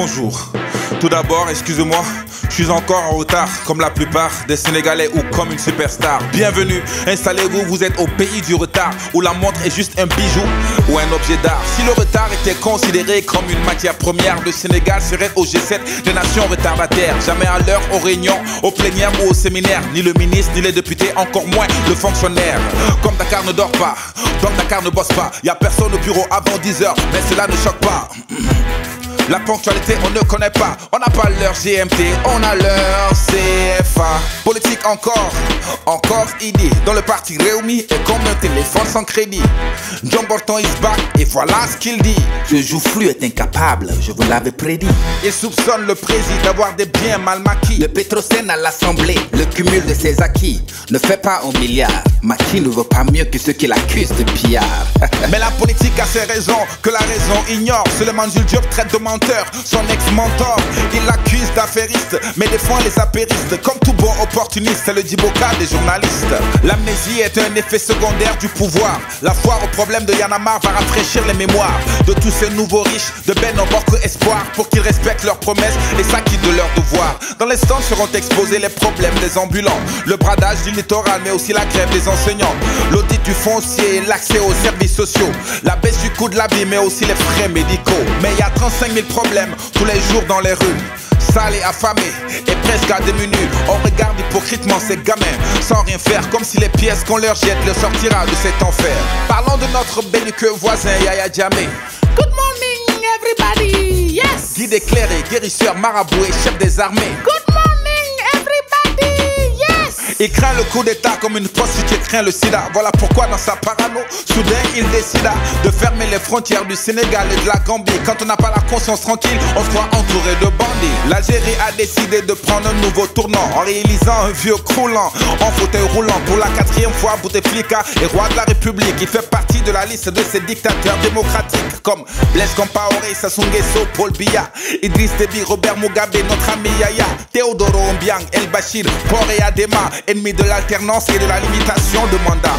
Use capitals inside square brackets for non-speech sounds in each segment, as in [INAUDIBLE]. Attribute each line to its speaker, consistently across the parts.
Speaker 1: bonjour. Tout d'abord, excusez-moi, je suis encore en retard, comme la plupart des Sénégalais ou comme une superstar. Bienvenue, installez-vous, vous êtes au pays du retard, où la montre est juste un bijou ou un objet d'art. Si le retard était considéré comme une matière première, le Sénégal serait au G7 des nations retardataires. Jamais à l'heure, aux réunions, aux plénières ou aux séminaires, ni le ministre, ni les députés, encore moins le fonctionnaire. Comme Dakar ne dort pas, comme Dakar ne bosse pas, y a personne au bureau avant 10h, mais cela ne choque pas. [CLEARS THROAT] La ponctualité, on ne connaît pas. On n'a pas leur GMT, on a leur CFA. Politique encore, encore idée. Dans le parti Réumi est comme un téléphone sans crédit. John Borton is back et voilà ce qu'il dit. Je joue est incapable, je vous l'avais prédit. Il soupçonne le président d'avoir des biens mal maquis. Le Pétrocène à l'Assemblée, le cumul de ses acquis ne fait pas un milliard. Mati ne vaut pas mieux que ceux qui l'accusent de pillard. Mais la politique a ses raisons que la raison ignore. Seulement Jules Diop traite de son ex-mentor. Il l'accuse d'affairiste, mais défend les apéristes. Comme tout bon opportuniste, c'est le diboca des journalistes. L'amnésie est un effet secondaire du pouvoir. La foire au problème de Yanamar va rafraîchir les mémoires de tous ces nouveaux riches, de Ben en que espoir pour qu'ils respectent leurs promesses et s'acquittent de leurs devoirs. Dans les stands seront exposés les problèmes des ambulants, le bradage du littoral, mais aussi la grève des enseignants, l'audit du foncier, l'accès aux services sociaux, la baisse du coût de la vie, mais aussi les frais médicaux. Mais il y a 35 000 problèmes tous les jours dans les rues sale et affamé et presque à démenu. On regarde hypocritement ces gamins sans rien faire, comme si les pièces qu'on leur jette leur sortira de cet enfer. Parlons de notre belliqueux voisin Yaya Djamé.
Speaker 2: Good morning,
Speaker 1: everybody. Yes. Guide éclairé, guérisseur, maraboué, chef des armées. Good morning, everybody. Yes. Il craint le coup d'état comme une prostituée craint le sida. Voilà pourquoi dans sa parano, soudain il décida de fermer les frontières du Sénégal et de la Gambie. Quand on n'a pas la conscience tranquille, on se croit entouré de bandits. L'Algérie a décidé de prendre un nouveau tournant en réalisant un vieux croulant en fauteuil roulant pour la quatrième fois. Bouteflika est roi de la République. Il fait partie de la liste de ces dictateurs démocratiques comme Blaise Compaoré, Sassou Nguesso, Paul Biya, Idriss Déby, Robert Mugabe, notre ami Yaya, Théodoro Obiang, El Bachir, Poré Adema, ennemi de l'alternance et de la limitation de mandat.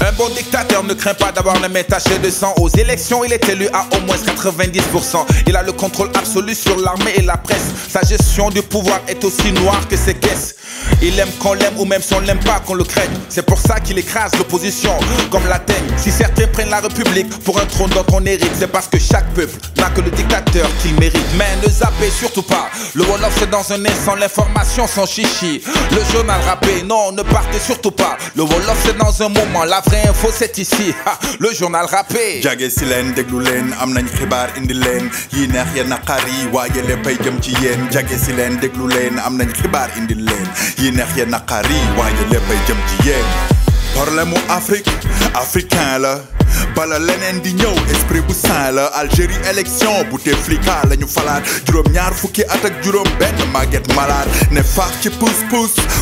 Speaker 1: Un bon dictateur ne craint pas d'avoir les mains tachées de sang. Aux élections, il est élu à au moins 90%. Il a le contrôle absolu sur l'armée et la presse. Sa gestion du pouvoir est aussi noire que ses caisses. Il aime qu'on l'aime ou même si on l'aime pas qu'on le craigne. C'est pour ça qu'il écrase l'opposition comme la teigne. Si certains prennent la République pour un trône dont on hérite, c'est parce que chaque peuple n'a que le dictateur qu'il mérite. Mais ne zappez surtout pas. Le Wall c'est dans un sans l'information sans chichi. Le journal rappé, non, ne partez surtout pas. Le Wall c'est dans
Speaker 2: un moment, la vraie info c'est ici. le journal rappé. yi neex ya naqari waaye léppay jëm ci yéen problème mu Afrique africain la bala leneen di ñew esprit bu saint la Algérie élection bu te flika falad, ñu falaat ñaar fukki at ak juróom benn màgget malaat ne faax ci puus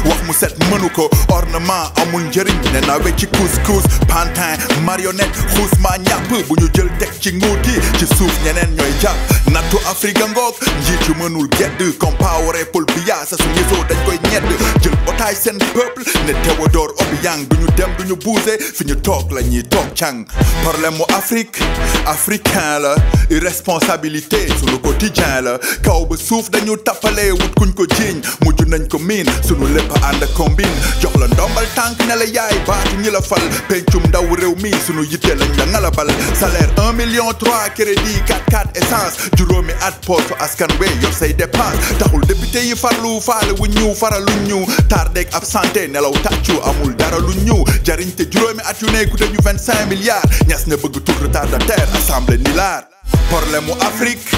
Speaker 2: wax mu set mënu ornement amul njëriñ ne nawe ci couscous pantin marionnette xuus ma ñap bu ñu jël teg ci nguut ci suuf ñeneen ñooy jàpp nattu Afrique ngoog njiit yu mënul gedd Compaoré Paul Biya sa su dañ koy ñedd mbootaay seen peuple ne Théodore Obiang du dem duñu ñu fiñu tok ñu tok chang ñuy problème mu Afrique africain la irresponsabilité le quotidien la kaw ba suuf dañu tappalee wut kuñ ko jiiñ muju nañ ko min suñu lepp ànd combine jox la ndombal tank ne la yaay baatu ñi la fal pencum ndaw rew mi suñu yité lañ la ngalabal salaire 1 million 3 crédit 4 4 essence juróomi at porte askan we yor say dépense taxul député yi farlu faale wu ñu faralu ñu taal tardé ak absenté nelaw tàccu amul dara lu ñëw jariñ te juróomi at yu nekk te ñu 25 milliards ñas na bëgg tour retardataire assemblée ni laar problème mu Afrique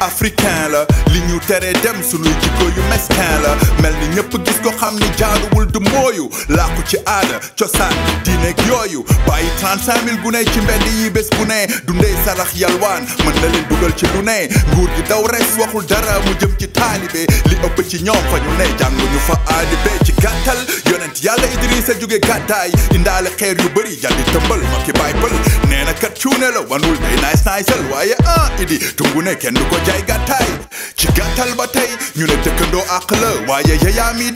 Speaker 2: africain la li ñu teree dem suñuy jikko yu mesquin la mel ni ñëpp gis ko xam ni jaaduwul mooyu làkku ci aada dine diineeg yooyu bàyyi 35 000 gune ci mbedd yi bés bu ne dundee sarax yalwaan mën na leen dugal ci lu nguur gi daw res waxul dara mu jëm ci taalibe li ëpp ci ñoom fa ñu ne jànguñu fa aalibe ci gàttal yonent yàlla Idrissa jóge gàddaay indaale xeer yu bëri jalli tëmbal ma ki baay pël nee na kat cuune la wanul day naay snaysal waaye ah idi tungu ken kenn du ko jaay gàttaay ci gàttal ba tey ñu ne dëkkandoo àq la waaye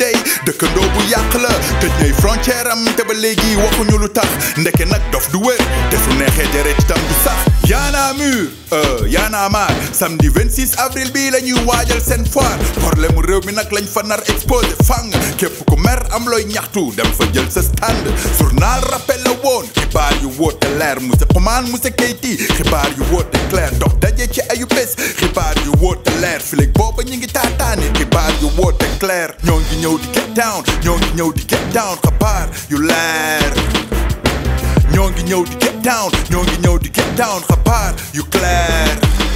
Speaker 2: day dëkkandoo bu yàq la tëj ngay frontière am te ba léegi waxuñu lu tax ndeke nag dof du wér te su neexee jëre ci tam du sax yaana mur yaana maar samedi 26 avril bi la ñuy waajal foire problème mu mi nag lañ fa nar exposé fang képp ku mer am looy ñaxtu dem fa jël sa stand journal rappel la woon xibaar yu wóote leer monsieur Oman monsieur Keyti xibaar yu wóote clair dox daje ci ayu pes. xibaar yu wóote Blair Filik boba nyingi tatani Kibar you water clear Nyongi nyodi get down Nyongi nyodi get down Kabar you lair Nyongi nyodi get down Nyongi nyodi get down Kabar you clear